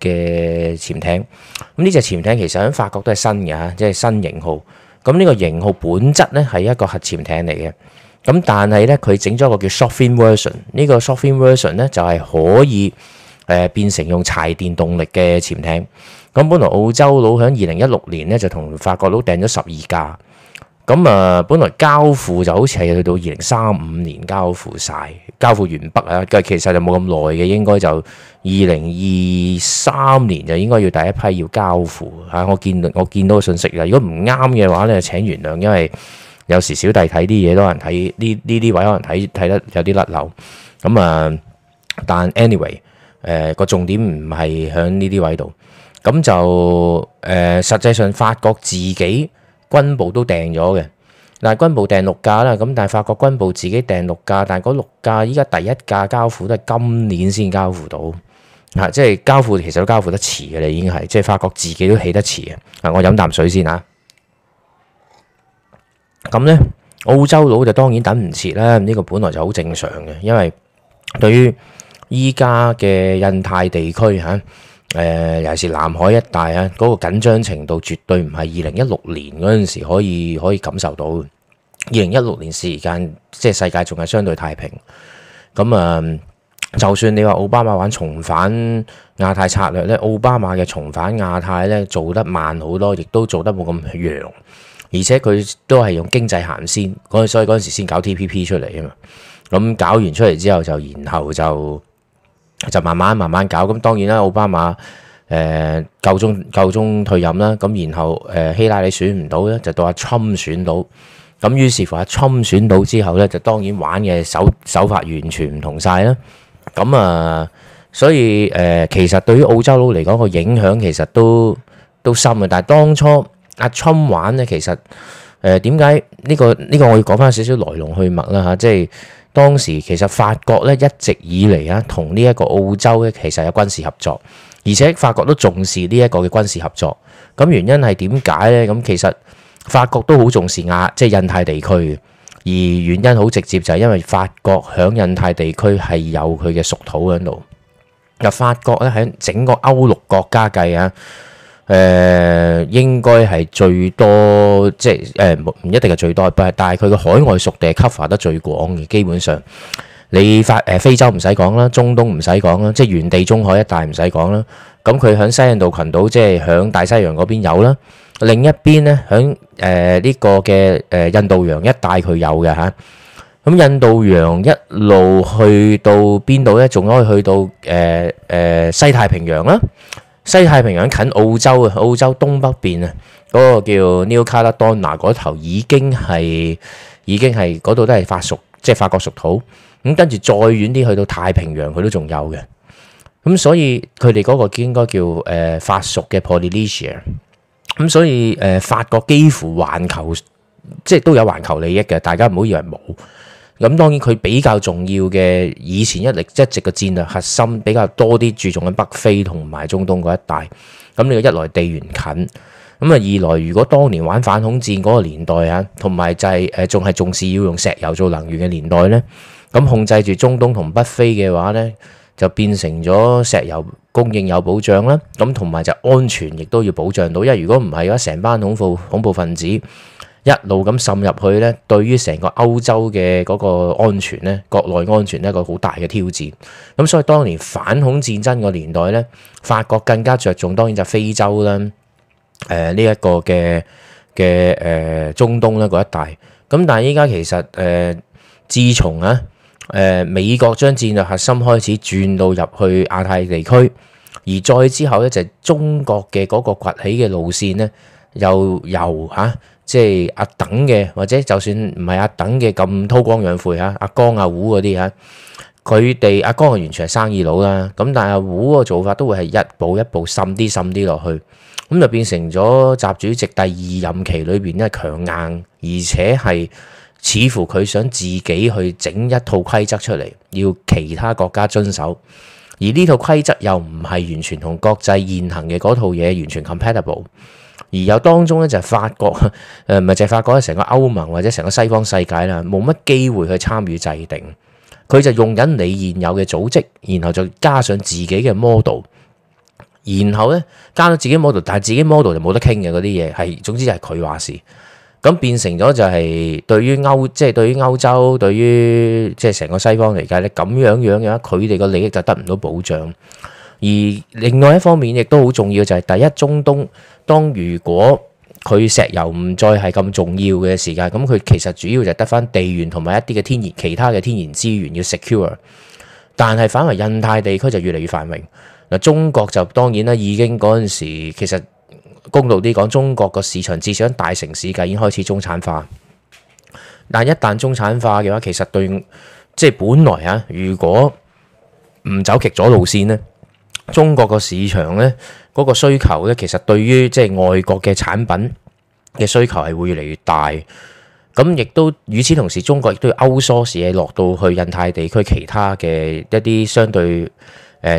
嘅潛艇，咁呢隻潛艇其實喺法國都係新嘅嚇，即係新型號。咁、這、呢個型號本質咧係一個核潛艇嚟嘅，咁但係咧佢整咗個叫 soften version，呢個 soften version 咧就係可以誒變成用柴電動力嘅潛艇。咁本來澳洲佬響二零一六年咧就同法國佬訂咗十二架。咁啊，本來交付就好似係去到二零三五年交付晒，交付完畢啊！其實就冇咁耐嘅，應該就二零二三年就應該要第一批要交付吓。我見我見到嘅信息啊，如果唔啱嘅話咧，請原諒，因為有時小弟睇啲嘢，可能睇呢呢啲位，可能睇睇得有啲甩漏。咁啊，但 anyway，誒、呃、個重點唔係響呢啲位度，咁就誒、呃、實際上發覺自己。軍部都訂咗嘅，但係軍部訂六架啦，咁但係法國軍部自己訂六架，但係嗰六架依家第一架交付都係今年先交付到，嚇，即係交付其實都交付得遲嘅啦，已經係，即係法國自己都起得遲嘅。嗱，我飲啖水先吓。咁呢澳洲佬就當然等唔切啦，呢個本來就好正常嘅，因為對於依家嘅印太地區嚇。誒、呃，尤其是南海一帶啊，嗰、那個緊張程度絕對唔係二零一六年嗰陣時可以可以感受到嘅，二零一六年時間即係世界仲係相對太平，咁啊、呃，就算你話奧巴馬玩重返亞太策略咧，奧巴馬嘅重返亞太咧做得慢好多，亦都做得冇咁強，而且佢都係用經濟行先，嗰，所以嗰陣時先搞 TPP 出嚟啊嘛，咁搞完出嚟之後就然後就。就慢慢慢慢搞，咁當然啦，奧巴馬誒夠鐘夠鐘退任啦，咁然後誒、呃、希拉里選唔到咧，就到阿川選到，咁於是乎阿川選到之後咧，就當然玩嘅手手法完全唔同晒啦，咁啊，所以誒、呃、其實對於澳洲佬嚟講個影響其實都都深啊。但係當初阿川玩咧其實。誒，點解呢個呢個我要講翻少少來龍去脈啦嚇，即係當時其實法國咧一直以嚟啊，同呢一個澳洲咧其實有軍事合作，而且法國都重視呢一個嘅軍事合作。咁原因係點解咧？咁其實法國都好重視亞即係印太地區，而原因好直接就係因為法國響印太地區係有佢嘅屬土喺度。嗱，法國咧響整個歐陸國家計啊。誒應該係最多，即係誒唔唔一定係最多，但係但係佢嘅海外屬地係 cover 得最廣嘅，基本上你發誒非洲唔使講啦，中東唔使講啦，即係原地中海一帶唔使講啦。咁佢喺西印度群島，即係響大西洋嗰邊有啦。另一邊咧，響誒呢個嘅誒印度洋一帶佢有嘅吓。咁印度洋一路去到邊度咧？仲可以去到誒誒西太平洋啦。西太平洋近澳洲啊，澳洲東北邊啊，嗰、那個叫 New Caledonia 嗰頭已經係已經係嗰度都係法屬，即係法國屬土。咁跟住再遠啲去到太平洋，佢都仲有嘅。咁所以佢哋嗰個應該叫誒、呃、法屬嘅 Polynesia。咁所以誒、呃、法國幾乎環球，即係都有環球利益嘅。大家唔好以為冇。咁當然佢比較重要嘅以前一歷、就係、一直個戰略核心比較多啲注重喺北非同埋中東嗰一帶。咁你一來地緣近，咁啊二來如果當年玩反恐戰嗰個年代啊，同埋就係仲係重視要用石油做能源嘅年代呢，咁控制住中東同北非嘅話呢，就變成咗石油供應有保障啦。咁同埋就安全亦都要保障到，因為如果唔係嘅話，成班恐怖恐怖分子。一路咁滲入去咧，對於成個歐洲嘅嗰個安全咧，國內安全呢，一個好大嘅挑戰。咁所以當年反恐戰爭個年代咧，法國更加着重，當然就係非洲啦，誒呢一個嘅嘅誒中東咧嗰一帶。咁但係依家其實誒、呃，自從啊誒、呃、美國將戰略核心開始轉到入去亞太地區，而再之後咧就係中國嘅嗰個崛起嘅路線咧，又由嚇。啊即係阿等嘅，或者就算唔係阿等嘅咁韜光養晦嚇，阿江阿胡嗰啲嚇，佢哋阿江係完全係生意佬啦，咁但係阿胡個做法都會係一步一步滲啲滲啲落去，咁就變成咗習主席第二任期裏邊咧強硬，而且係似乎佢想自己去整一套規則出嚟，要其他國家遵守，而呢套規則又唔係完全同國際現行嘅嗰套嘢完全 compatible。而有當中咧就係法國，誒唔係淨係法國啦，成個歐盟或者成個西方世界啦，冇乜機會去參與制定，佢就用緊你現有嘅組織，然後就加上自己嘅 model，然後咧加咗自己 model，但係自己 model 就冇得傾嘅嗰啲嘢，係總之就係佢話事，咁變成咗就係對於歐即係、就是、對於歐洲，對於即係成個西方嚟講咧，咁樣樣嘅話佢哋個利益就得唔到保障。而另外一方面亦都好重要就係、是、第一中東。當如果佢石油唔再係咁重要嘅時間，咁佢其實主要就得翻地緣同埋一啲嘅天然其他嘅天然資源要 secure。但係反為印太地區就越嚟越繁榮。嗱，中國就當然啦，已經嗰陣時其實公道啲講，中國個市場至少喺大城市界已經開始中產化。但一旦中產化嘅話，其實對即係本來嚇、啊，如果唔走極左路線呢，中國個市場呢。嗰個需求咧，其實對於即係外國嘅產品嘅需求係會越嚟越大，咁亦都與此同時，中國亦都要 outsource 落到去印太地區其他嘅一啲相對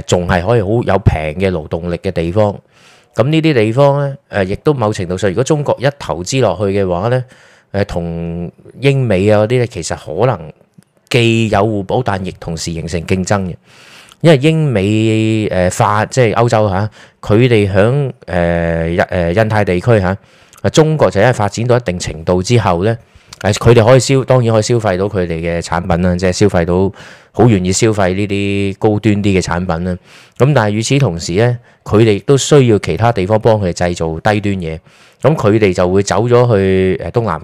仲係、呃、可以好有平嘅勞動力嘅地方。咁呢啲地方咧，誒、呃、亦都某程度上，如果中國一投資落去嘅話咧，誒、呃、同英美啊嗰啲咧，其實可能既有互補，但亦同時形成競爭嘅。因為英美誒法即係歐洲嚇，佢哋響誒日誒、呃、印太地區嚇，啊中國就因為發展到一定程度之後咧，誒佢哋可以消當然可以消費到佢哋嘅產品啦，即係消費到好願意消費呢啲高端啲嘅產品啦。咁但係與此同時咧，佢哋都需要其他地方幫佢製造低端嘢，咁佢哋就會走咗去誒東南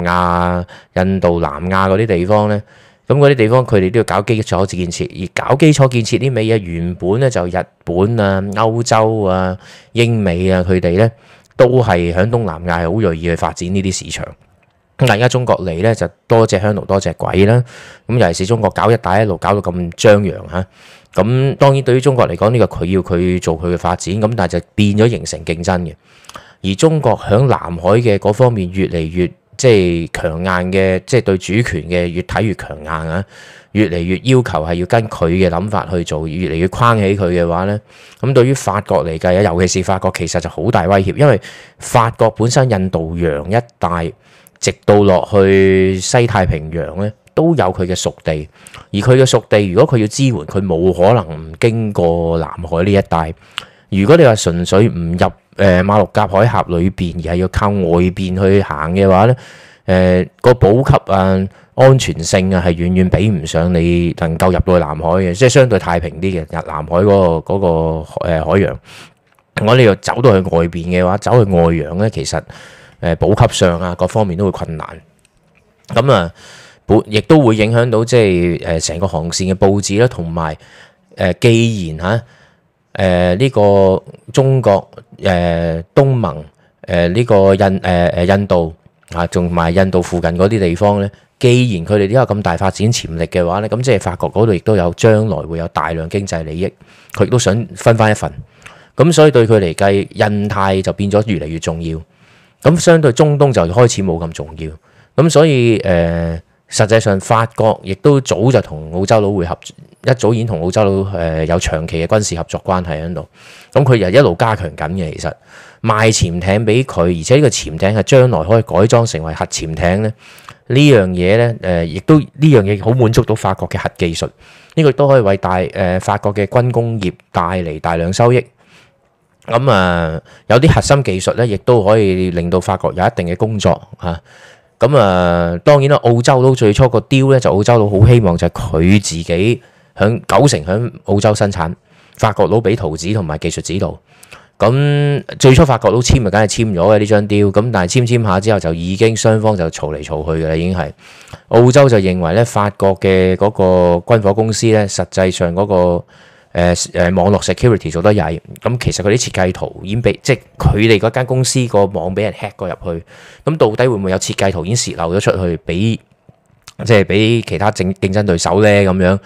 亞、印度南亞嗰啲地方咧。咁嗰啲地方佢哋都要搞基礎建設，而搞基礎建設啲味嘢原本咧就日本啊、歐洲啊、英美啊，佢哋咧都係響東南亞係好銳意去發展呢啲市場。咁但係而家中國嚟咧就多隻香爐多隻鬼啦。咁尤其是中國搞一帶一路搞到咁張揚嚇，咁當然對於中國嚟講呢個佢要佢做佢嘅發展，咁但係就變咗形成競爭嘅。而中國響南海嘅嗰方面越嚟越。即係強硬嘅，即係對主權嘅越睇越強硬啊！越嚟越要求係要跟佢嘅諗法去做，越嚟越框起佢嘅話呢。咁對於法國嚟計，尤其是法國，其實就好大威脅，因為法國本身印度洋一帶，直到落去西太平洋咧，都有佢嘅屬地。而佢嘅屬地，如果佢要支援，佢冇可能唔經過南海呢一帶。如果你話純粹唔入，誒馬六甲海峽裏邊，而係要靠外邊去行嘅話咧，誒、呃那個補給啊安全性啊，係遠遠比唔上你能夠入到去南海嘅，即係相對太平啲嘅入南海嗰、那個嗰、那個、海洋。我哋又走到去外邊嘅話，走去外洋咧，其實誒補給上啊各方面都會困難。咁啊，補亦都會影響到即係誒成個航線嘅佈置啦，同埋誒既然嚇。啊誒呢、呃這個中國誒、呃、東盟誒呢、呃這個印誒誒、呃、印度啊，仲埋印度附近嗰啲地方咧，既然佢哋都有咁大發展潛力嘅話咧，咁即係法國嗰度亦都有將來會有大量經濟利益，佢亦都想分翻一份。咁所以對佢嚟計，印太就變咗越嚟越重要。咁相對中東就開始冇咁重要。咁所以誒、呃，實際上法國亦都早就同澳洲佬會合。一早已經同澳洲佬有長期嘅軍事合作關係喺度，咁佢又一路加強緊嘅。其實賣潛艇俾佢，而且呢個潛艇係將來可以改裝成為核潛艇咧，這個、呢樣嘢咧誒，亦都呢樣嘢好滿足到法國嘅核技術。呢、這個都可以為大誒、呃、法國嘅軍工業帶嚟大量收益。咁、嗯、啊，有啲核心技術咧，亦都可以令到法國有一定嘅工作嚇。咁啊、嗯，當然啦，澳洲佬最初個 deal 咧，就澳洲佬好希望就係佢自己。響九成響澳洲生產，法國佬俾圖紙同埋技術指導。咁最初法國佬簽咪梗係簽咗嘅呢張 deal。咁但係簽簽下之後，就已經雙方就嘈嚟嘈去嘅啦。已經係澳洲就認為咧，法國嘅嗰個軍火公司咧，實際上嗰、那個誒誒、呃、網絡 security 做得曳。咁其實佢啲設計圖已經俾即係佢哋嗰間公司個網俾人 hack 過入去。咁到底會唔會有設計圖已經洩漏咗出去，俾即係俾其他競競爭對手咧？咁樣？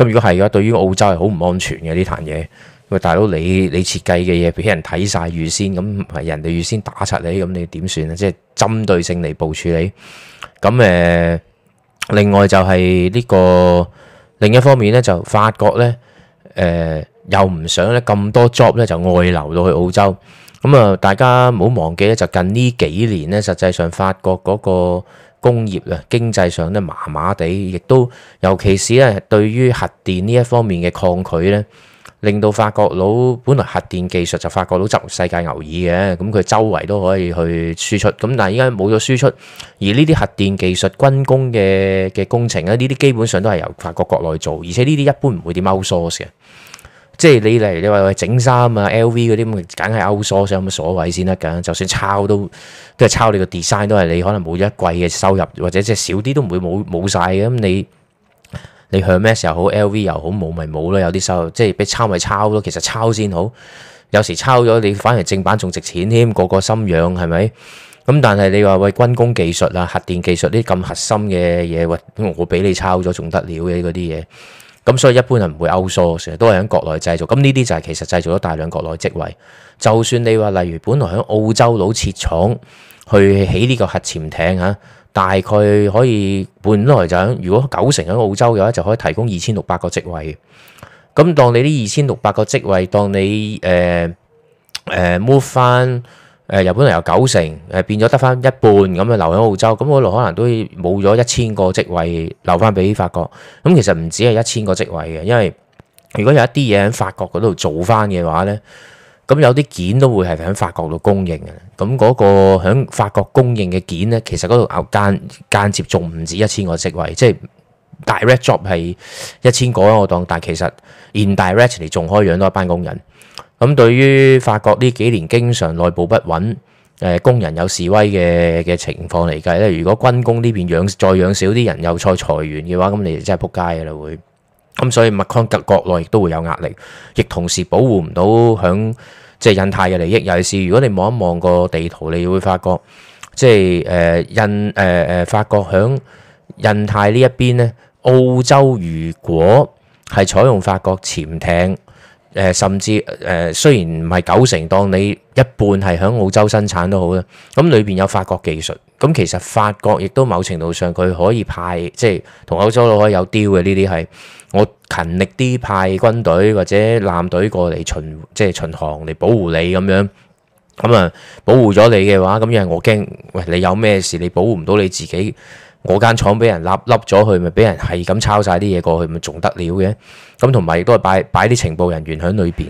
咁如果係嘅話，對於澳洲係好唔安全嘅呢壇嘢。喂，大佬，你你設計嘅嘢俾人睇曬預先，咁係人哋預先打柒你，咁你點算咧？即係針對性嚟部署你。咁誒，另外就係呢個另一方面咧，就法國咧，誒又唔想咧咁多 job 咧就外流到去澳洲。咁啊，大家唔好忘記咧，就近呢幾年咧，實際上法國嗰個。工業啊，經濟上咧麻麻地，亦都尤其是咧對於核電呢一方面嘅抗拒咧，令到法國佬本來核電技術就法國佬執世界牛耳嘅，咁佢周圍都可以去輸出，咁但係依家冇咗輸出，而呢啲核電技術軍工嘅嘅工程咧，呢啲基本上都係由法國國內做，而且呢啲一般唔會點 outsource 嘅。即係你例如你話喂整衫啊 LV 嗰啲咁，梗係 outsource 有乜所謂先得㗎？就算抄都都係抄你個 design，都係你可能冇一季嘅收入，或者即係少啲都唔會冇冇曬嘅。咁你你 Hermes 又好 LV 又好冇咪冇咯？有啲收入即係俾抄咪抄咯。其實抄先好，有時抄咗你反而正版仲值錢添。個個心癢係咪？咁但係你話喂軍工技術啊、核電技術呢啲咁核心嘅嘢，喂，我俾你抄咗仲得了嘅嗰啲嘢。咁所以一般係唔會 outsource，成日都係喺國內製造。咁呢啲就係其實製造咗大量國內職位。就算你話例如本來喺澳洲攞設廠去起呢個核潛艇啊，大概可以本來就係如果九成喺澳洲嘅話，就可以提供二千六百個職位。咁當你呢二千六百個職位，當你誒 move 翻。呃呃誒日本可能由九成誒變咗得翻一半咁啊，留喺澳洲咁嗰度，可能都冇咗一千個職位留翻俾法國。咁其實唔止係一千個職位嘅，因為如果有一啲嘢喺法國嗰度做翻嘅話咧，咁有啲件都會係喺法國度供應嘅。咁嗰個喺法國供應嘅件咧，其實嗰度間間接仲唔止一千個職位，即係 direct job 係一千個我當，但係其實 indirectly 仲可以養多一班工人。咁、嗯、對於法國呢幾年經常內部不穩，誒、呃、工人有示威嘅嘅情況嚟計咧，如果軍工呢邊養再養少啲人，又再裁員嘅話，咁、嗯、你就真係撲街㗎啦會。咁、嗯、所以麥康格國內亦都會有壓力，亦同時保護唔到響即係印太嘅利益。尤其是如果你望一望個地圖，你會發覺即係誒印誒誒法國響印太呢一邊咧，澳洲如果係採用法國潛艇。誒、呃、甚至誒、呃，雖然唔係九成，當你一半係喺澳洲生產都好啦。咁裏邊有法國技術，咁其實法國亦都某程度上佢可以派，即係同澳洲都可以有 deal 嘅呢啲係。我勤力啲派軍隊或者艦隊過嚟巡，即係巡航嚟保護你咁樣。咁啊，保護咗你嘅話，咁因為我驚，喂你有咩事，你保護唔到你自己。我間廠俾人笠笠咗去，咪俾人係咁抄晒啲嘢過去，咪仲得了嘅？咁同埋亦都係擺擺啲情報人員喺裏邊，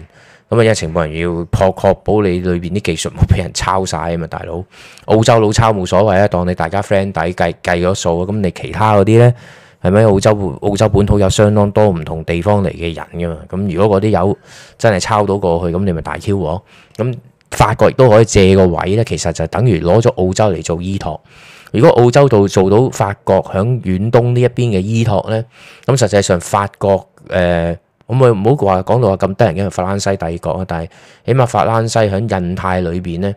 咁啊，因為情報人員要確確保你裏邊啲技術冇俾人抄晒啊嘛，大佬。澳洲佬抄冇所謂啊，當你大家 friend 底計計咗數咁，你其他嗰啲呢，係咪澳洲澳洲本土有相當多唔同地方嚟嘅人噶嘛？咁如果嗰啲有真係抄到過去，咁你咪大 Q 喎。咁法國亦都可以借個位呢，其實就等於攞咗澳洲嚟做依托。如果澳洲度做到法國響遠東呢一邊嘅依託呢，咁實際上法國誒、呃，我唔好話講到話咁得人驚嘅法蘭西帝國啊，但係起碼法蘭西響印太裏邊呢，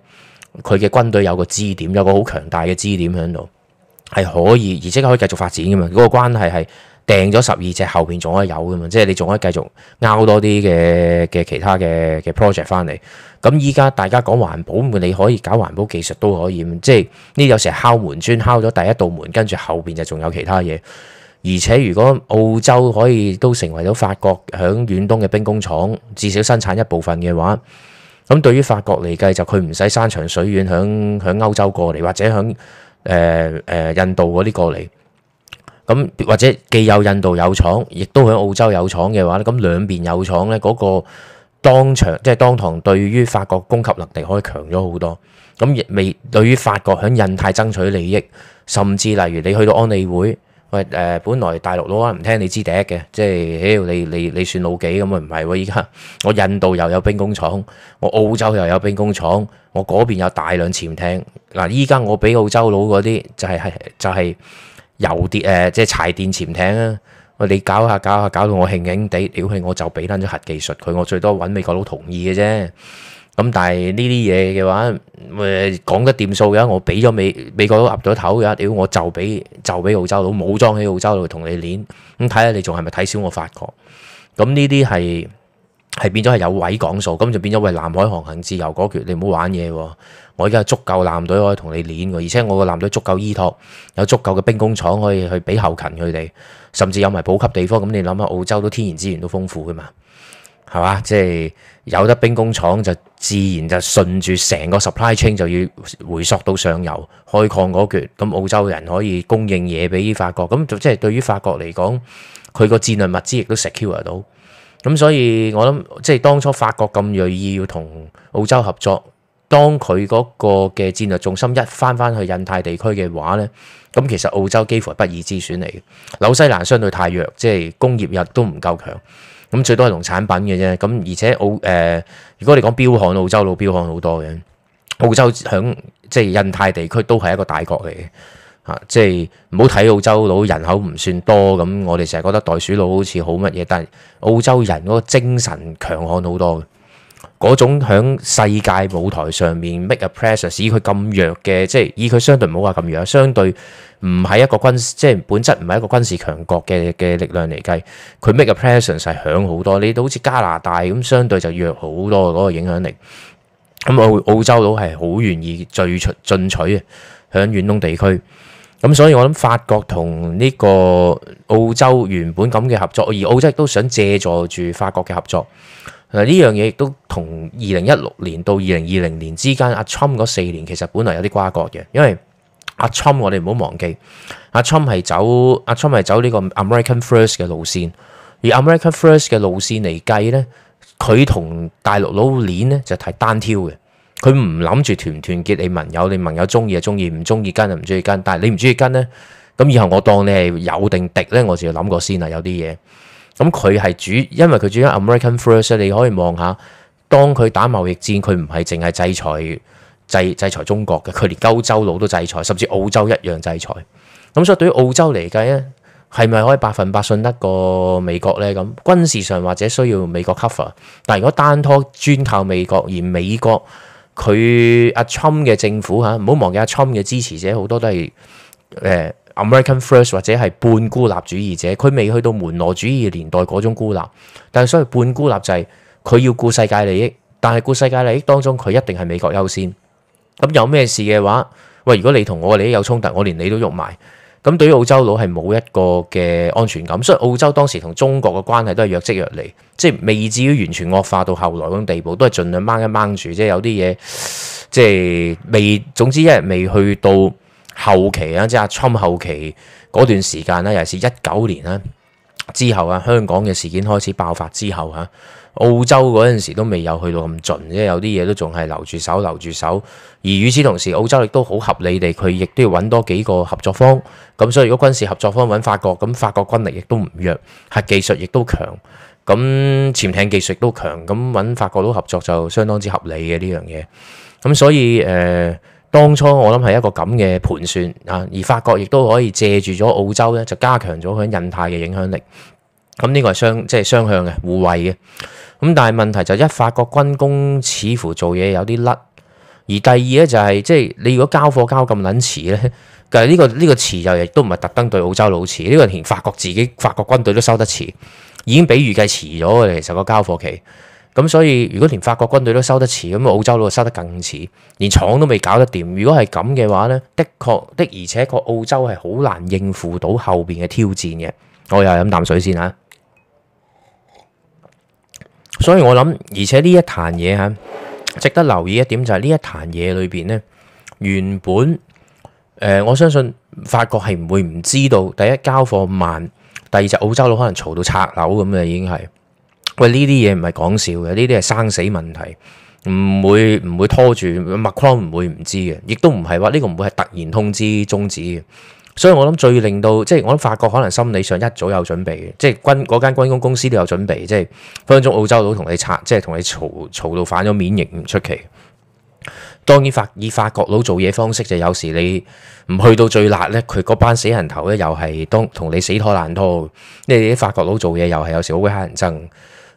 佢嘅軍隊有個支點，有個好強大嘅支點喺度，係可以，而且可以繼續發展嘅嘛，嗰、這個關係係。掟咗十二隻，後邊仲可以有噶嘛？即係你仲可以繼續拗多啲嘅嘅其他嘅嘅 project 翻嚟。咁依家大家講環保，你可以搞環保技術都可以。即係呢，有時係敲門磚敲咗第一道門，跟住後邊就仲有其他嘢。而且如果澳洲可以都成為咗法國響遠東嘅兵工廠，至少生產一部分嘅話，咁對於法國嚟計就佢唔使山長水遠響響歐洲過嚟，或者響誒誒印度嗰啲過嚟。咁或者既有印度有廠，亦都喺澳洲有廠嘅話咁兩邊有廠呢，嗰個當場即係當堂對於法國供給能力可以強咗好多。咁亦未對於法國喺印太爭取利益，甚至例如你去到安理會，喂誒，本來大陸佬唔聽你支笛嘅，即係你你你算老幾？咁啊唔係喎，依家我印度又有兵工廠，我澳洲又有兵工廠，我嗰邊有大量潛艇。嗱，依家我比澳洲佬嗰啲就係係就係。油電誒，即係柴電潛艇啊！喂你搞下搞下搞到我興興地，屌、呃、佢、呃、我就俾返咗核技術佢，我最多揾美國佬同意嘅啫。咁、嗯、但係呢啲嘢嘅話，誒、呃、講得掂數嘅，我俾咗美美國佬岌咗頭嘅，屌、呃、我就俾就俾澳洲佬武裝喺澳洲佬同你練，咁睇下你仲係咪睇小我法國？咁呢啲係。係變咗係有位講數，咁就變咗為南海航行自由嗰橛，你唔好玩嘢喎！我而家足夠艦隊可以同你練喎，而且我個艦隊足夠依托，有足夠嘅兵工廠可以去俾後勤佢哋，甚至有埋補給地方。咁你諗下，澳洲都天然資源都豐富嘅嘛，係嘛？即係有得兵工廠就自然就順住成個 supply chain 就要回溯到上游開礦嗰橛。咁澳洲人可以供應嘢俾法國，咁就即係對於法國嚟講，佢個戰略物資亦都 secure 到。咁所以，我諗，即係當初法國咁銳意要同澳洲合作，當佢嗰個嘅戰略重心一翻翻去印太地區嘅話咧，咁其實澳洲幾乎係不二之選嚟嘅。紐西蘭相對太弱，即係工業亦都唔夠強，咁最多係農產品嘅啫。咁而且澳誒、呃，如果你講彪悍，澳洲老彪悍好多嘅。澳洲響，即係印太地區都係一個大國嚟嘅。啊！即係唔好睇澳洲佬人，人口唔算多咁，我哋成日覺得袋鼠佬好似好乜嘢，但係澳洲人嗰個精神強悍好多。嗰種喺世界舞台上面 make a presence 以佢咁弱嘅，即係以佢相對唔好話咁弱，相對唔係一個軍，即係本質唔係一個軍事強國嘅嘅力量嚟計，佢 make a presence 係響好多。你都好似加拿大咁，相對就弱好多嗰、那個影響力。咁、嗯、澳澳洲佬係好願意取進取嘅，喺遠東地區。咁所以，我諗法國同呢個澳洲原本咁嘅合作，而澳洲亦都想借助住法國嘅合作。呢樣嘢亦都同二零一六年到二零二零年之間阿 Trump 嗰四年其實本來有啲瓜葛嘅，因為阿 Trump，我哋唔好忘記，阿 Trump 係走阿 Trump 係走呢個 American First 嘅路線，而 American First 嘅路線嚟計呢佢同大陸攞鏈呢就係單挑嘅。佢唔諗住團唔團結你盟友，你盟友中意就中意，唔中意跟就唔中意跟。但係你唔中意跟呢？咁以後我當你係友定敵呢，我就要諗過先啊。有啲嘢，咁佢係主，因為佢主張 American First，你可以望下，當佢打貿易戰，佢唔係淨係制裁，制制裁中國嘅，佢連歐洲佬都制裁，甚至澳洲一樣制裁。咁所以對於澳洲嚟計呢，係咪可以百分百信得過美國呢？咁軍事上或者需要美國 cover，但如果單拖專靠美國而美國，佢阿 Trump 嘅政府嚇，唔好忘記阿 Trump 嘅支持者好多都係、呃、American First 或者係半孤立主義者，佢未去到門羅主義年代嗰種孤立，但係所謂半孤立就係、是、佢要顧世界利益，但係顧世界利益當中佢一定係美國優先。咁有咩事嘅話，喂，如果你同我嘅利益有衝突，我連你都喐埋。咁對於澳洲佬係冇一個嘅安全感，所以澳洲當時同中國嘅關係都係若即若離，即係未至於完全惡化到後來嗰種地步，都係盡量掹一掹住，即係有啲嘢即係未總之一日未去到後期啊，即係阿侵後期嗰段時間咧，又係一九年咧之後啊，香港嘅事件開始爆發之後啊。澳洲嗰陣時都未有去到咁盡，即係有啲嘢都仲係留住手，留住手。而與此同時，澳洲亦都好合理地，佢亦都要揾多幾個合作方。咁所以如果軍事合作方揾法國，咁法國軍力亦都唔弱，核技術亦都強，咁潛艇技術亦都強，咁揾法國都合作就相當之合理嘅呢樣嘢。咁所以誒、呃，當初我諗係一個咁嘅盤算啊。而法國亦都可以借住咗澳洲呢，就加強咗佢喺印太嘅影響力。咁呢個係雙即係、就是、雙向嘅互惠嘅。咁但係問題就一法國軍工似乎做嘢有啲甩，而第二呢、就係，就係即係你如果交貨交咁撚遲咧，就係、呢個、呢個呢、呢個遲就亦都唔係特登對澳洲佬遲，呢個連法國自己法國軍隊都收得遲，已經比預計遲咗嘅其實個交貨期。咁所以如果連法國軍隊都收得遲，咁澳洲佬收得更遲，連廠都未搞得掂。如果係咁嘅話呢，的確的而且確澳洲係好難應付到後邊嘅挑戰嘅。我又飲啖水先嚇。所以我諗，而且呢一壇嘢吓，值得留意一點就係呢一壇嘢裏邊呢，原本誒、呃，我相信法國係唔會唔知道。第一交貨慢，第二就澳洲佬可能嘈到拆樓咁啊，已經係，喂，呢啲嘢唔係講笑嘅，呢啲係生死問題，唔會唔會拖住 Macron 唔會唔知嘅，亦都唔係話呢個唔會係突然通知終止嘅。所以我諗最令到，即係我諗法國可能心理上一早有準備嘅，即係軍嗰間軍工公司都有準備，即係分分鐘澳洲佬同你拆，即係同你嘈嘈到反咗面，亦唔出奇。當然法以法國佬做嘢方式，就有時你唔去到最辣咧，佢嗰班死人頭咧又係當同你死拖爛拖。你哋啲法國佬做嘢又係有時好鬼乞人憎。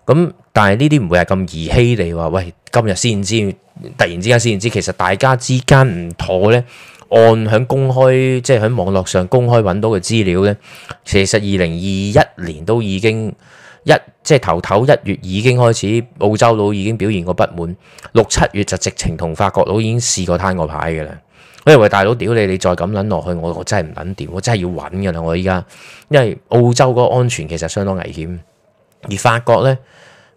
咁但係呢啲唔會係咁兒戲，你話喂，今日先知，突然之間先知，其實大家之間唔妥咧。按喺公開，即係喺網絡上公開揾到嘅資料呢。其實二零二一年都已經一，即係頭頭一月已經開始，澳洲佬已經表現過不滿，六七月就直情同法國佬已經試過攤個牌嘅啦。我以為大佬，屌你，你再咁撚落去，我我真係唔撚掂。我真係要揾嘅啦。我依家因為澳洲嗰個安全其實相當危險，而法國呢。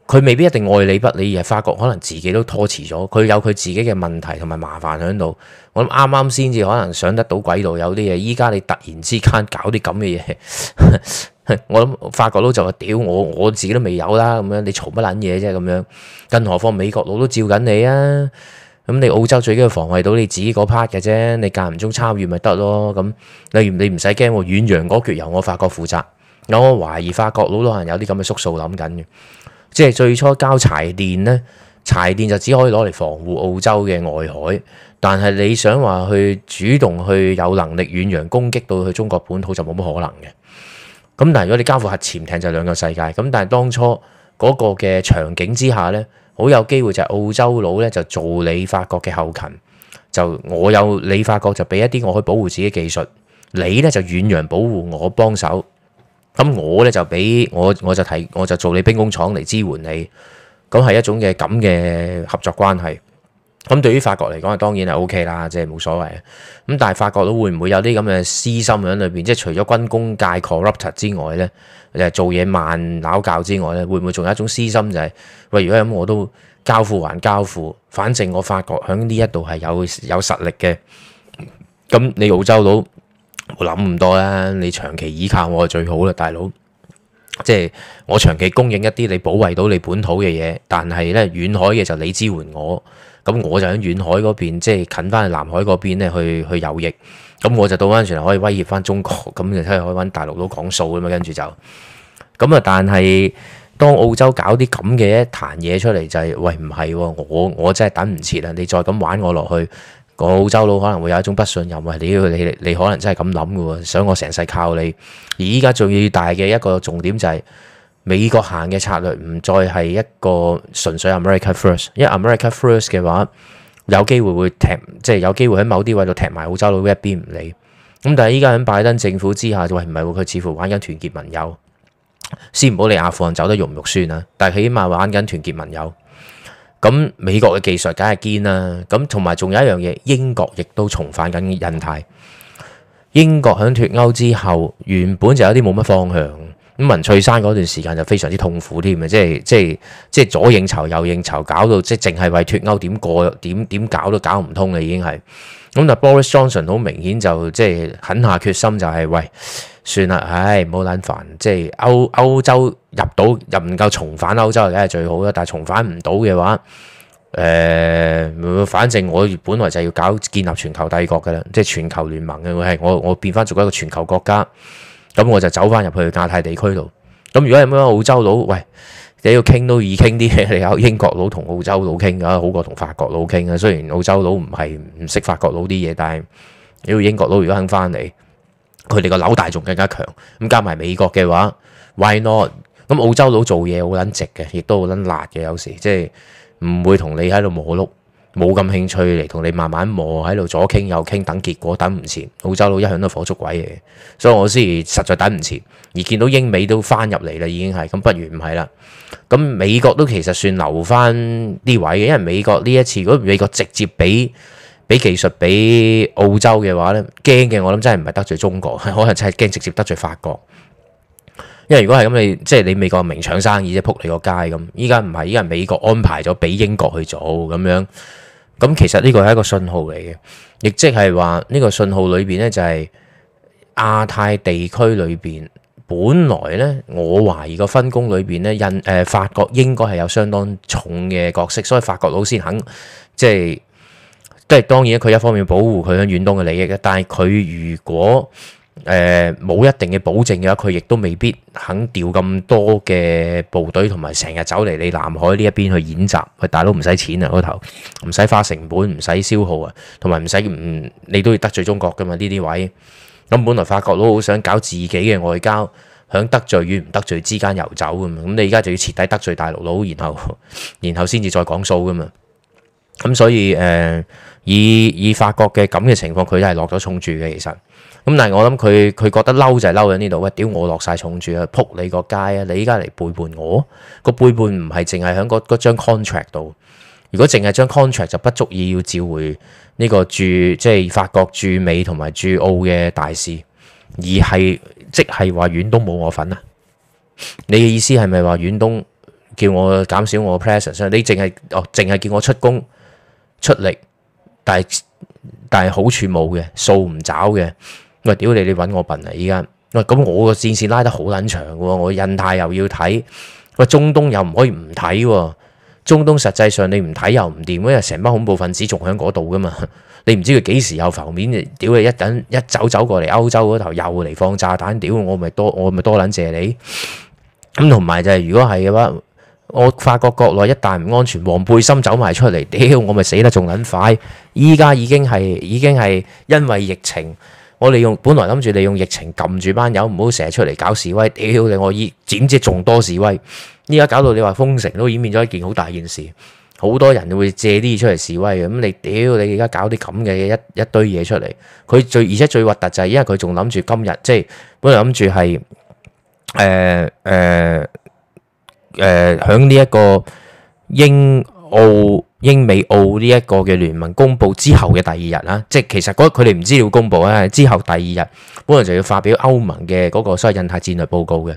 佢未必一定愛理不理，而係法國可能自己都拖遲咗，佢有佢自己嘅問題同埋麻煩喺度。我諗啱啱先至可能上得到軌道，有啲嘢依家你突然之間搞啲咁嘅嘢，我諗法國佬就話：屌我我自己都未有啦，咁樣你嘈乜撚嘢啫咁樣。更何況美國佬都照緊你啊！咁你澳洲最緊要防衞到你自己嗰 part 嘅啫，你間唔中參與咪得咯？咁例如你唔使驚遠洋嗰橛，由我法國負責。我懷疑法國佬都可能有啲咁嘅縮數諗緊嘅。即係最初交柴電咧，柴電就只可以攞嚟防護澳洲嘅外海，但係你想話去主動去有能力遠洋攻擊到去中國本土就冇乜可能嘅。咁但係如果你交付核潛艇就兩個世界。咁但係當初嗰個嘅場景之下咧，好有機會就係澳洲佬咧就做你法國嘅後勤，就我有你法國就俾一啲我可以保護自己技術，你咧就遠洋保護我幫手。咁我咧就俾我我就提我就做你兵工廠嚟支援你，咁係一種嘅咁嘅合作關係。咁對於法國嚟講，當然係 OK 啦，即係冇所謂。咁但係法國會唔會有啲咁嘅私心喺裏邊？即係除咗軍工界 corrupt 之外咧，誒做嘢慢嘈交之外咧，會唔會仲有一種私心就係、是、喂？如果咁我都交付還交付，反正我法國喺呢一度係有有實力嘅。咁你澳洲佬？冇諗咁多啦，你長期依靠我最好啦，大佬。即係我長期供應一啲你保衛到你本土嘅嘢，但係呢遠海嘅就你支援我，咁我就喺遠海嗰邊，即係近翻去南海嗰邊呢去去遊弋，咁我就到翻船可以威脅翻中國，咁就睇下可揾大陸佬講數咁嘛。跟住就咁啊。但係當澳洲搞啲咁嘅彈嘢出嚟，就係、是、喂唔係、哦，我我真係等唔切啦，你再咁玩我落去。個澳洲佬可能會有一種不信任啊！你你你可能真係咁諗嘅喎，想我成世靠你。而依家最大嘅一個重點就係、是、美國行嘅策略唔再係一個純粹 America First，因為 America First 嘅話有機會會踢，即、就、係、是、有機會喺某啲位度踢埋澳洲佬一邊唔理。咁但係依家喺拜登政府之下，就喂唔係喎，佢似乎玩緊團結盟友，先唔好理阿富汗走得肉唔肉酸啦。但係起碼玩緊團結盟友。咁美國嘅技術梗係堅啦，咁同埋仲有一樣嘢，英國亦都重返緊印太。英國喺脱歐之後，原本就有啲冇乜方向。咁文翠山嗰段時間就非常之痛苦添啊！即係即係即係左應酬右應酬，搞到即係淨係為脱歐點過點點搞都搞唔通啦，已經係。咁就 Boris Johnson 好明顯就即、是、係狠下決心，就是，就係喂算啦，唉冇撚煩，即係歐歐洲入到入唔夠，夠重返歐洲梗係最好啦。但係重返唔到嘅話，誒、呃，反正我本來就要搞建立全球帝國嘅啦，即、就、係、是、全球聯盟嘅，係我我變翻做一個全球國家，咁我就走翻入去亞太地區度。咁如果係咩澳洲佬，喂？你要傾都易傾啲嘅，你有英國佬同澳洲佬傾㗎，好過同法國佬傾啊。雖然澳洲佬唔係唔識法國佬啲嘢，但係你要英國佬如果肯翻嚟，佢哋個扭大仲更加強。咁加埋美國嘅話，why not？咁澳洲佬做嘢好撚直嘅，亦都好撚辣嘅，有時即係唔會同你喺度摸碌。冇咁興趣嚟同你慢慢磨，喺度左傾右傾，等結果等唔切，澳洲佬一向都火燭鬼嘅，所以我先實在等唔切，而見到英美都翻入嚟啦，已經係咁，不如唔係啦。咁美國都其實算留翻啲位嘅，因為美國呢一次，如果美國直接俾俾技術俾澳洲嘅話呢，驚嘅，我諗真係唔係得罪中國，可能真係驚直接得罪法國。因為如果係咁，你即係你美國明搶生意啫，扑你個街咁。依家唔係，依家係美國安排咗俾英國去做咁樣。咁其實呢個係一個信號嚟嘅，亦即係話呢個信號裏邊呢，就係亞太地區裏邊本來呢，我懷疑個分工裏邊呢，印誒、呃、法國應該係有相當重嘅角色，所以法國佬先肯即係即係當然佢一方面保護佢響遠東嘅利益咧，但係佢如果誒冇、呃、一定嘅保證嘅話，佢亦都未必肯調咁多嘅部隊同埋成日走嚟你南海呢一邊去演習，去大佬唔使錢啊，嗰、那個、頭唔使花成本，唔使消耗啊，同埋唔使唔你都要得罪中國㗎嘛呢啲位。咁本來法國都好想搞自己嘅外交，喺得罪與唔得罪之間遊走嘅嘛，咁你而家就要徹底得罪大陸佬，然後然後先至再講數㗎嘛。咁所以誒、呃，以以法國嘅咁嘅情況，佢都係落咗重注嘅，其實。咁但係我諗佢佢覺得嬲就係嬲喺呢度，喂，屌，我落晒重注啊，撲你個街啊，你依家嚟背叛我，個背叛唔係淨係喺嗰張 contract 度，如果淨係張 contract 就不足以要召回呢個駐即係法國駐美同埋駐澳嘅大使。而係即係話遠東冇我份啊！你嘅意思係咪話遠東叫我減少我 presence？你淨係哦淨係叫我出工出力，但係但係好處冇嘅，數唔找嘅。「喂，屌你，你揾我笨啊！依家喂，咁我個戰線拉得好捻長嘅、啊，我印太又要睇，喂、哎，中東又唔可以唔睇、啊。中東實際上你唔睇又唔掂，因為成班恐怖分子仲喺嗰度噶嘛。你唔知佢幾時又浮面，屌、哎、你一等一走走過嚟歐洲嗰頭又嚟放炸彈，屌、哎、我咪多我咪多捻謝你。咁同埋就係、是、如果係嘅話，我法國國內一旦唔安全，黃背心走埋出嚟，屌、哎、我咪死得仲捻快。依家已經係已經係因為疫情。我利用，本來諗住利用疫情撳住班友，唔好成日出嚟搞示威。屌、哎、你我依，點知仲多示威？依家搞到你話封城，都演變咗一件好大件事。好多人會借啲嘢出嚟示威嘅，咁、嗯、你屌、哎、你而家搞啲咁嘅一一堆嘢出嚟，佢最而且最核突就係，因為佢仲諗住今日，即、就、係、是、本來諗住係誒誒誒，響呢一個英澳。英美澳呢一個嘅聯盟公佈之後嘅第二日啦，即係其實佢哋唔知要公佈咧，之後第二日，本來就要發表歐盟嘅嗰個所謂印太戰略報告嘅。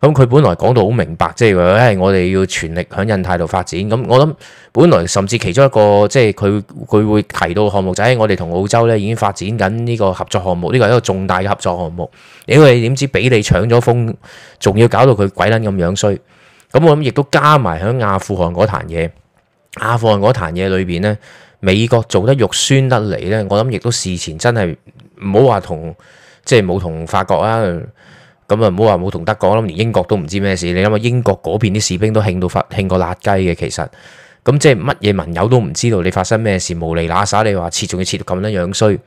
咁佢本來講到好明白，即係話誒，我哋要全力響印太度發展。咁我諗本來甚至其中一個即係佢佢會提到項目就喺我哋同澳洲咧已經發展緊呢個合作項目，呢個係一個重大嘅合作項目。因為點知俾你搶咗風，仲要搞到佢鬼撚咁樣衰？咁我諗亦都加埋響阿富汗嗰壇嘢。阿富汗嗰壇嘢裏邊咧，美國做得肉酸得嚟咧，我諗亦都事前真係唔好話同即係冇同法國啊，咁啊唔好話冇同德國，我諗連英國都唔知咩事。你諗下英國嗰邊啲士兵都慶到發慶過辣雞嘅，其實咁即係乜嘢盟友都唔知道你發生咩事，無厘喇撒，你話切仲要切到咁樣樣衰。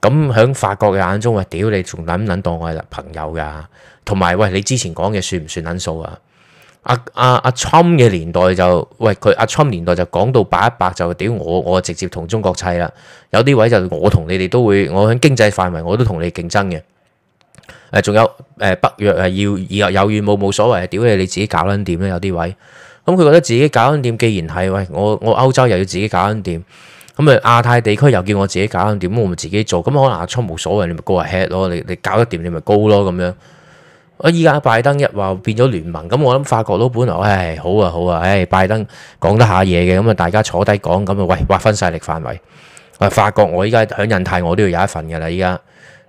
咁喺法國嘅眼中，喂屌你仲諗唔諗當我係朋友㗎？同埋喂，你之前講嘅算唔算撚數啊？阿阿阿侵嘅年代就喂佢阿侵年代就講到百一百就屌我我直接同中國砌啦，有啲位就我同你哋都會我喺經濟範圍我都同你競爭嘅。誒仲有誒北約係要以後有與冇冇所謂，屌你你自己搞撚掂啦。有啲位咁佢覺得自己搞撚掂，既然係喂我我歐洲又要自己搞撚掂。咁啊亞太地區又叫我自己搞撚掂，咁我咪自己做。咁可能阿侵冇所謂，你咪 go ahead 咯，你你搞得掂你咪高咯咁樣。啊！依家拜登一話變咗聯盟，咁我諗法國都本來，唉、哎，好啊好啊，唉、哎，拜登講得下嘢嘅，咁啊大家坐低講，咁啊喂，劃分勢力範圍。啊，法國我依家響印太我都要有一份嘅啦，依家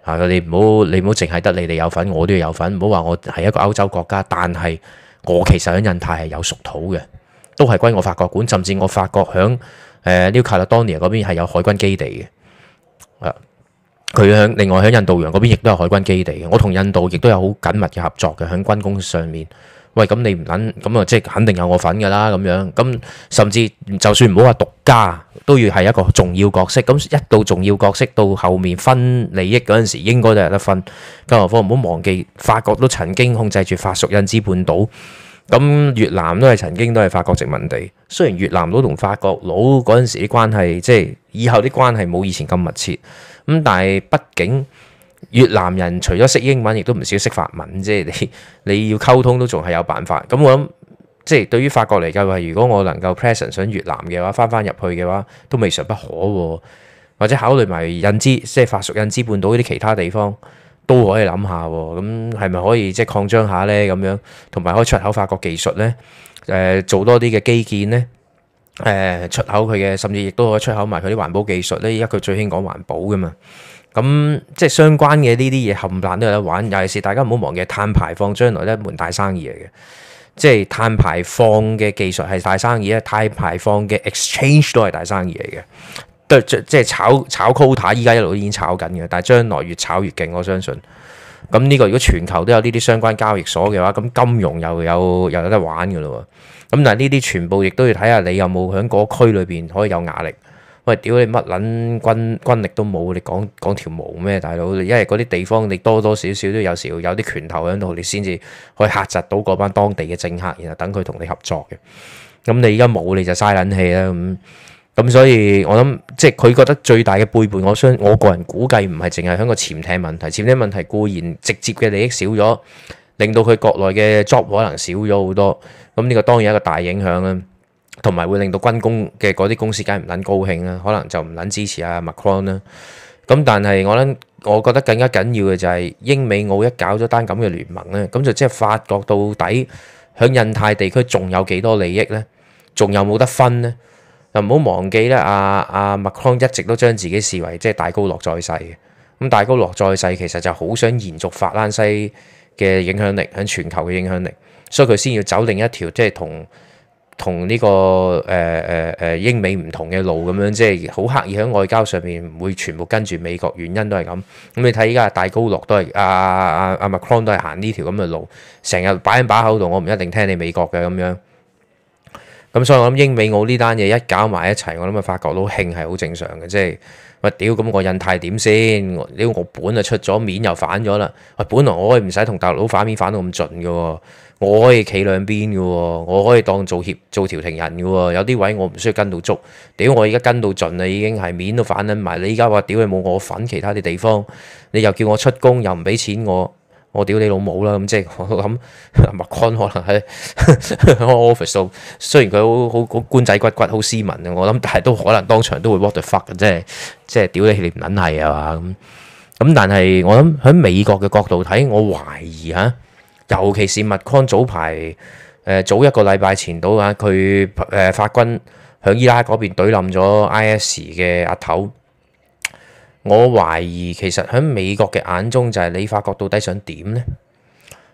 啊，你唔好你唔好淨係得你哋有份，我都要有份，唔好話我係一個歐洲國家，但係我其實響印太係有屬土嘅，都係歸我法國管，甚至我法國響誒 New Caledonia 嗰邊係有海軍基地嘅。啊！佢喺另外喺印度洋嗰邊亦都係海軍基地嘅，我同印度亦都有好緊密嘅合作嘅，響軍工上面。喂，咁你唔捻，咁啊，即係肯定有我份噶啦。咁樣，咁，甚至就算唔好話獨家，都要係一個重要角色。咁一到重要角色到後面分利益嗰陣時，應該都有得分。更何況唔好忘記法國都曾經控制住法屬印支半島，咁越南都係曾經都係法國殖民地。雖然越南佬同法國佬嗰陣時啲關係，即係以後啲關係冇以前咁密切。咁但係畢竟越南人除咗識英文，亦都唔少識法文，即係你你要溝通都仲係有辦法。咁我諗即係對於法國嚟講話，如果我能夠 present 上越南嘅話，翻翻入去嘅話都未嘗不可，哦。或者考慮埋印支，即係法屬印支半島嗰啲其他地方都可以諗下，哦。咁係咪可以即係擴張下呢？咁樣同埋可以出口法國技術呢，誒，做多啲嘅基建呢。誒、嗯、出口佢嘅，甚至亦都可以出口埋佢啲環保技術咧。依家佢最興講環保㗎嘛，咁即係相關嘅呢啲嘢冚唪唥都有得玩。尤其是大家唔好忘記碳排放，將來都係一門大生意嚟嘅。即係碳排放嘅技術係大生意啊，碳排放嘅 exchange 都係大生意嚟嘅。對，即係炒炒 quota，依家一路都已經炒緊嘅，但係將來越炒越勁，我相信。咁呢、呢個如果全球都有呢啲相關交易所嘅話，咁金融又有又有得玩嘅咯。咁嗱，呢啲全部亦都要睇下你有冇響嗰區裏邊可以有壓力。喂，屌你乜撚軍軍力都冇，你講講條毛咩大佬？你因為嗰啲地方你多多少少都有時有啲拳頭喺度，你先至可以嚇窒到嗰班當地嘅政客，然後等佢同你合作嘅。咁你而家冇，你就嘥撚氣啦。咁咁，所以我諗即係佢覺得最大嘅背叛。我相我個人估計唔係淨係喺個潛艇問題。潛艇問題固然直接嘅利益少咗。令到佢國內嘅 job 可能少咗好多，咁呢個當然一個大影響啦，同埋會令到軍工嘅嗰啲公司梗係唔撚高興啦，可能就唔撚支持阿 Macron 啦。咁但係我諗，我覺得更加緊要嘅就係英美澳一搞咗單咁嘅聯盟咧，咁就即係發覺到底喺印太地區仲有幾多利益咧，仲有冇得分咧？又唔好忘記咧，阿、啊、阿、啊、Macron 一直都將自己視為即係戴高樂在世嘅，咁戴高樂在世其實就好想延續法蘭西。嘅影響力，喺全球嘅影響力，所以佢先要走另一條，即係同同呢個誒誒誒英美唔同嘅路咁樣，即係好刻意喺外交上面唔會全部跟住美國，原因都係咁。咁你睇依家大高樂都係阿阿阿阿 Macron 都係行呢條咁嘅路，成日擺喺把口度，我唔一定聽你美國嘅咁樣。咁所以我諗英美澳呢單嘢一搞埋一齊，我諗咪發覺到興係好正常嘅即係。喂屌咁，我印太點先？屌我本啊出咗面又反咗啦！我本來我可以唔使同大佬反面反到咁盡㗎喎，我可以企兩邊㗎喎，我可以當做協做調停人㗎喎。有啲位我唔需要跟到足，屌我而家跟到盡啦，已經係面都反緊埋。你而家話屌你冇我份，其他啲地方你又叫我出工又唔俾錢我。我屌你老母啦！咁即係我諗麥康可能喺 Office 度， 雖然佢好好官仔骨骨、好斯文嘅，我諗但係都可能當場都會 what the fuck，即係即係屌你，你唔撚係啊嘛！咁咁，但係我諗喺美國嘅角度睇，我懷疑啊，尤其是麥康早排誒、呃、早一個禮拜前到啊，佢誒、呃、法軍喺伊拉克嗰邊懟冧咗 IS 嘅阿頭。我懷疑其實喺美國嘅眼中就係你法國到底想點呢？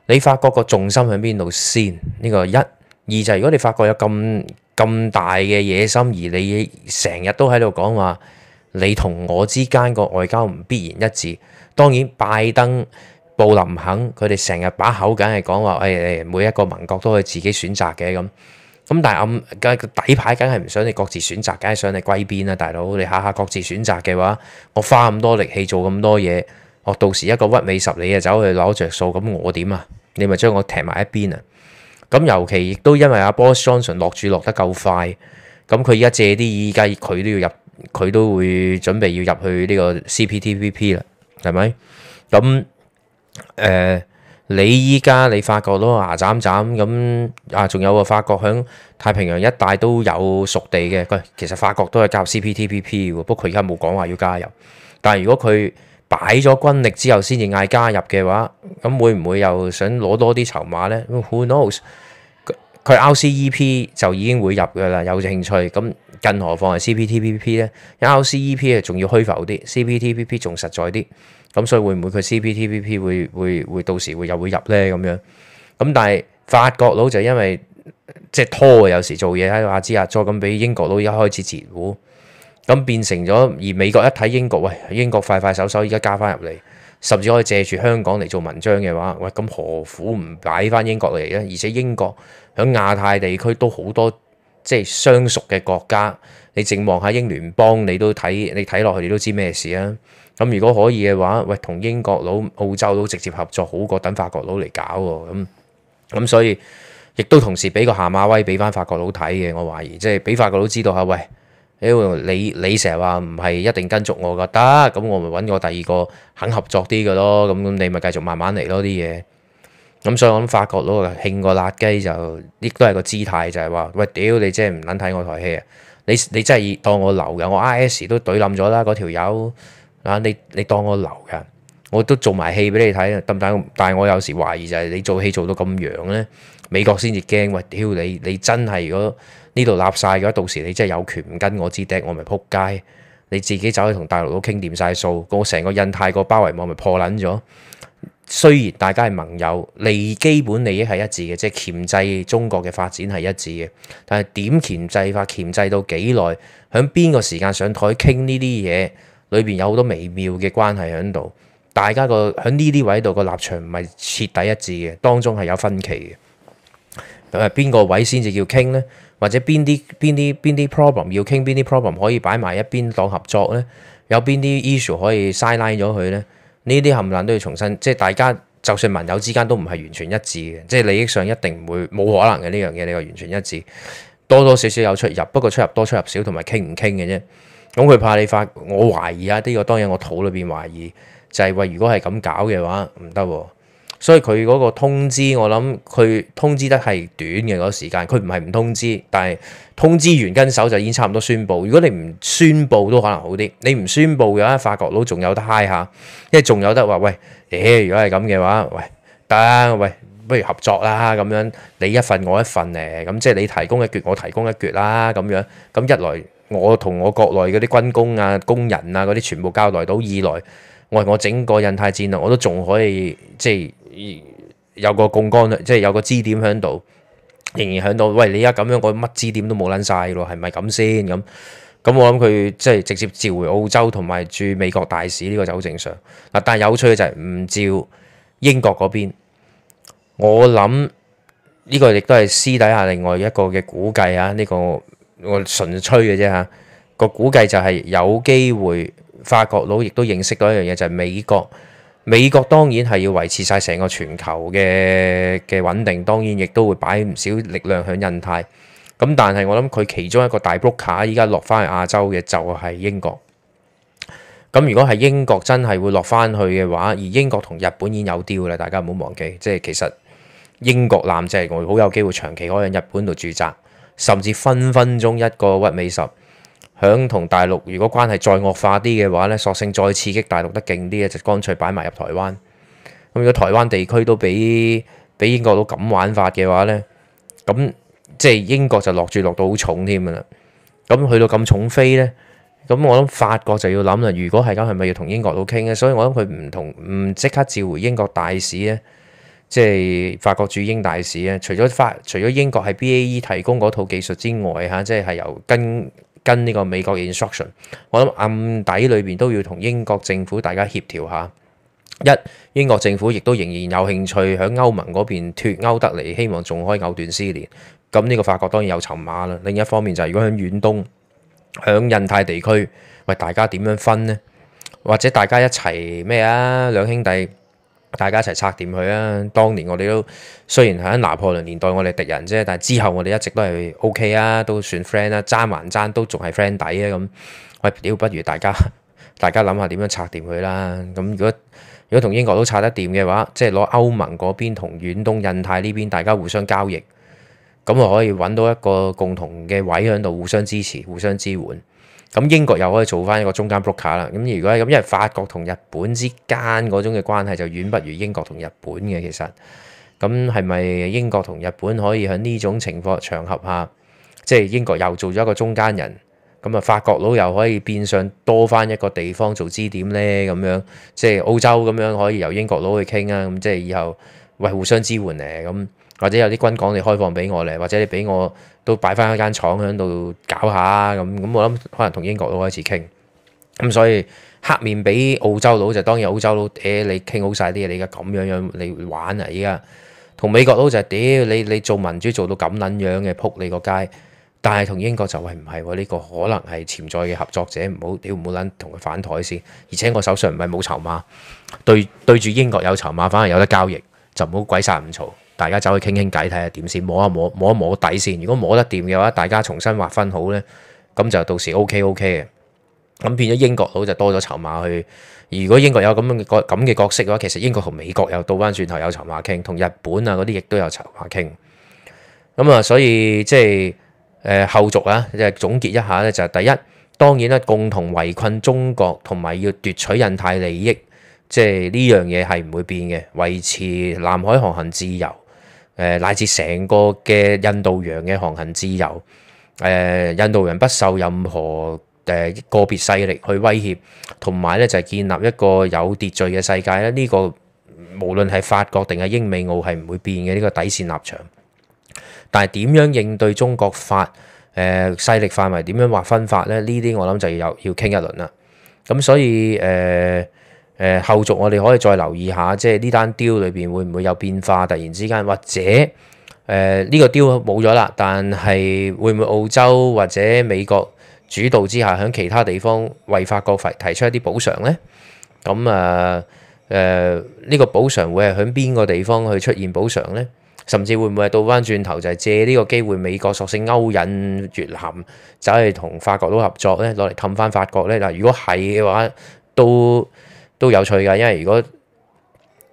你發覺個重心喺邊度先？呢、這個一二就係如果你發覺有咁咁大嘅野心，而你成日都喺度講話你同我之間個外交唔必然一致。當然，拜登、布林肯佢哋成日把口梗係講話誒每一個盟國都可以自己選擇嘅咁。咁但係暗底牌，梗係唔想你各自選擇，梗係想你歸邊啊！大佬，你下下各自選擇嘅話，我花咁多力氣做咁多嘢，我到時一個屈尾十你啊，走去攞着數，咁我點啊？你咪將我踢埋一邊啊！咁尤其亦都因為阿 Boris Johnson 落注落得夠快，咁佢而家借啲意依家佢都要入，佢都會準備要入去呢個 CPTPP 啦，係咪？咁誒。呃你依家你法國都牙斬斬咁啊，仲有個法國喺太平洋一帶都有屬地嘅。佢其實法國都係加入 CPTPP 嘅，不過佢而家冇講話要加入。但係如果佢擺咗軍力之後先至嗌加入嘅話，咁會唔會又想攞多啲籌碼咧？Who knows？佢佢 RCEP 就已經會入㗎啦，有興趣。咁更何況係 CPTPP 咧？RCEP 仲要虛浮啲，CPTPP 仲實在啲。咁所以會唔會佢 CPTPP 會會會到時會又會入咧咁樣？咁但係法國佬就因為即係拖啊，有時做嘢喺度阿吱阿咗，再咁俾英國佬一開始截胡，咁變成咗，而美國一睇英國喂，英國快快手手而家加翻入嚟，甚至可以借住香港嚟做文章嘅話，喂咁何苦唔擺翻英國嚟咧？而且英國喺亞太地區都好多即係相熟嘅國家，你淨望下英聯邦，你都睇你睇落去，你都知咩事啊？咁如果可以嘅話，喂，同英國佬、澳洲佬直接合作，好過等法國佬嚟搞喎，咁咁，所以亦都同時俾個下馬威俾翻法國佬睇嘅。我懷疑即係俾法國佬知道嚇，喂，哎、你你成日話唔係一定跟足我㗎，得咁我咪揾個第二個肯合作啲嘅咯。咁你咪繼續慢慢嚟咯啲嘢。咁所以我諗法國佬慶過辣雞就亦都係個姿態就，就係話喂屌你，你，真係唔撚睇我台戲啊！你你真係當我流嘅，我 IS 都懟冧咗啦，嗰條友。啊！你你當我流㗎，我都做埋戲俾你睇啊，得唔得？但但係我有時懷疑就係你做戲做到咁樣咧，美國先至驚。喂，屌、啊、你你真係如果呢度立晒，如果到時你真係有權唔跟我支笛，我咪撲街。你自己走去同大陸都傾掂曬數，我成個印太個包圍網咪破撚咗。雖然大家係盟友，利基本利益係一致嘅，即係鉗制中國嘅發展係一致嘅，但係點鉗制法、鉗制到幾耐、響邊個時間上台傾呢啲嘢？裏邊有好多微妙嘅關係喺度，大家個喺呢啲位度個立場唔係徹底一致嘅，當中係有分歧嘅。咁啊，邊個位先至叫傾咧？或者邊啲邊啲邊啲 problem 要傾，邊啲 problem 可以擺埋一邊當合作咧？有邊啲 issue 可以 side line 咗佢咧？呢啲冚唪唥都要重新，即係大家就算盟友之間都唔係完全一致嘅，即係利益上一定唔會冇可能嘅呢樣嘢，你話完全一致，多多少少有出入，不過出入多出入少同埋傾唔傾嘅啫。咁佢怕你發，我懷疑啊！呢個當然我肚裏邊懷疑，就係話如果係咁搞嘅話唔得喎。所以佢嗰個通知，我諗佢通知得係短嘅嗰個時間，佢唔係唔通知，但係通知完跟手就已經差唔多宣佈。如果你唔宣佈都可能好啲，你唔宣佈嘅話，法國佬仲有得嗨下，因為仲有得話喂，誒！如果係咁嘅話，喂得，喂不如合作啦咁樣，你一份我一份咧，咁即係你提供一橛，我提供一橛啦咁樣，咁一來。我同我國內嗰啲軍工啊、工人啊嗰啲全部交代到來，二來我係我整個印太戰啊，我都仲可以即係有個槓桿，即係有個支點喺度，仍然喺度。喂，你而家咁樣，我乜支點都冇撚晒咯，係咪咁先咁？咁我諗佢即係直接召回澳洲同埋駐美國大使呢個就好正常。但係有趣嘅就係唔召英國嗰邊，我諗呢個亦都係私底下另外一個嘅估計啊，呢個。我純吹嘅啫嚇，個估計就係有機會。法國佬亦都認識到一樣嘢，就係、是、美國。美國當然係要維持晒成個全球嘅嘅穩定，當然亦都會擺唔少力量喺印太。咁但係我諗佢其中一個大 blocker 依家落翻去亞洲嘅就係英國。咁如果係英國真係會落翻去嘅話，而英國同日本已經有啲 deal 啦，大家唔好忘記，即係其實英國艦隻會好有機會長期喺日本度駐紮。甚至分分鐘一個屈美十，響同大陸如果關係再惡化啲嘅話咧，索性再刺激大陸得勁啲嘅就乾脆擺埋入台灣。咁如果台灣地區都俾俾英國佬咁玩法嘅話咧，咁即係英國就落注落到好重添啦。咁去到咁重飛咧，咁我諗法國就要諗啦。如果係咁，係咪要同英國佬傾咧？所以我諗佢唔同唔即刻召回英國大使咧。即係法國駐英大使咧，除咗法除咗英國係 BAE 提供嗰套技術之外，嚇、啊、即係由跟跟呢個美國嘅 instruction，我諗暗底裏邊都要同英國政府大家協調下。一英國政府亦都仍然有興趣喺歐盟嗰邊脫歐得嚟，希望仲可以藕斷絲連。咁呢個法國當然有籌碼啦。另一方面就係如果喺遠東、喺印太地區，喂大家點樣分呢？或者大家一齊咩啊？兩兄弟。大家一齊拆掂佢啊！當年我哋都雖然喺拿破崙年代我哋敵人啫，但係之後我哋一直都係 OK 啊，都算 friend 啦、啊，爭還爭都仲係 friend 底啊咁。喂，屌、哎，不如大家大家諗下點樣拆掂佢啦。咁如果如果同英國都拆得掂嘅話，即係攞歐盟嗰邊同遠東印太呢邊，大家互相交易，咁我可以揾到一個共同嘅位喺度互相支持、互相支援。咁英國又可以做翻一個中間 broker 啦。咁如果係咁，因為法國同日本之間嗰種嘅關係就遠不如英國同日本嘅其實。咁係咪英國同日本可以喺呢種情況場合下，即係英國又做咗一個中間人，咁啊法國佬又可以變相多翻一個地方做支點咧。咁樣即係澳洲咁樣可以由英國佬去傾啊。咁即係以後喂，互相支援咧咁。或者有啲軍港你開放俾我咧，或者你俾我都擺翻一間廠喺度搞下咁咁。我諗可能同英國佬開始傾咁，所以黑面俾澳洲佬就是、當然澳洲佬屌你傾好晒啲嘢，你而家咁樣樣嚟玩啊！而家同美國佬就屌、是欸、你，你做民主做到咁撚樣嘅，撲你個街。但係同英國就係唔係喎？呢、呢個可能係潛在嘅合作者，唔好屌冇撚同佢反台先。而且我手上唔係冇籌碼，對對住英國有籌碼，反而有得交易，就唔好鬼殺咁嘈。大家走去傾傾偈睇下點先，摸一摸摸一摸底線。如果摸得掂嘅話，大家重新劃分好咧，咁就到時 OK OK 嘅。咁變咗英國佬就多咗籌碼去。如果英國有咁樣咁嘅角色嘅話，其實英國同美國又倒翻轉頭有籌碼傾，同日本啊嗰啲亦都有籌碼傾。咁啊，所以即係誒、呃、後續啊，即係總結一下咧，就係、是、第一，當然啦，共同圍困中國同埋要奪取印太利益，即係呢樣嘢係唔會變嘅，維持南海航行自由。誒乃至成個嘅印度洋嘅航行自由，誒印度人不受任何誒個別勢力去威脅，同埋咧就係建立一個有秩序嘅世界咧。呢個無論係法國定係英美澳係唔會變嘅呢個底線立場。但係點樣應對中國法誒勢力範圍？點樣劃分法咧？呢啲我諗就要有要傾一輪啦。咁所以誒。誒後續我哋可以再留意下，即係呢單雕 e a l 裏邊會唔會有變化？突然之間，或者誒呢、呃這個雕冇咗啦，但係會唔會澳洲或者美國主導之下，喺其他地方為法國提出一啲補償咧？咁啊誒呢個補償會係喺邊個地方去出現補償咧？甚至會唔會係倒翻轉頭就係借呢個機會，美國索性勾引越南，走去同法國都合作咧，攞嚟氹翻法國咧？嗱、呃，如果係嘅話，都。都有趣噶，因為如果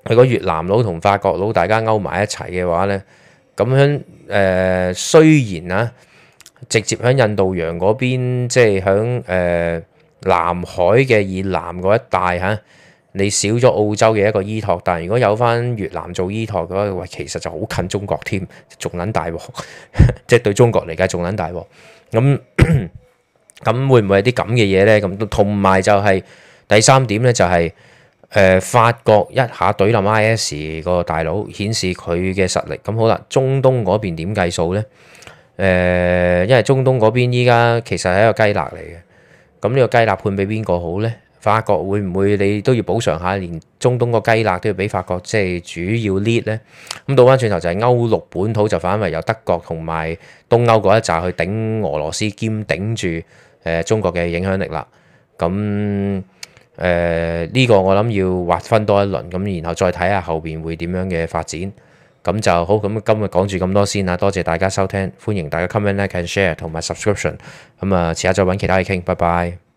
佢個越南佬同法國佬大家勾埋一齊嘅話咧，咁樣誒、呃、雖然啊，直接喺印度洋嗰邊，即係喺誒南海嘅以南嗰一帶嚇，你少咗澳洲嘅一個依託。但係如果有翻越南做依託嘅話，喂，其實就好近中國添，仲撚大鑊， 即係對中國嚟計仲撚大鑊。咁咁 會唔會有啲咁嘅嘢咧？咁同埋就係、是。第三點咧就係、是、誒、呃、法國一下懟冧 I S 個大佬，顯示佢嘅實力。咁好啦，中東嗰邊點計數咧？誒、呃，因為中東嗰邊依家其實係一個雞肋嚟嘅。咁呢個雞肋判俾邊個好咧？法國會唔會你都要補償下，連中東個雞肋都要俾法國即係主要 lead 咧？咁倒返轉頭就係歐陸本土就反為由德國同埋東歐嗰一紮去頂俄羅斯兼頂住誒、呃、中國嘅影響力啦。咁誒呢、呃這個我諗要劃分多一輪，咁然後再睇下後邊會點樣嘅發展，咁就好。咁今日講住咁多先啦，多謝大家收聽，歡迎大家 comment like and share 同埋 subscription。咁啊，遲下次再揾其他嘢傾，拜拜。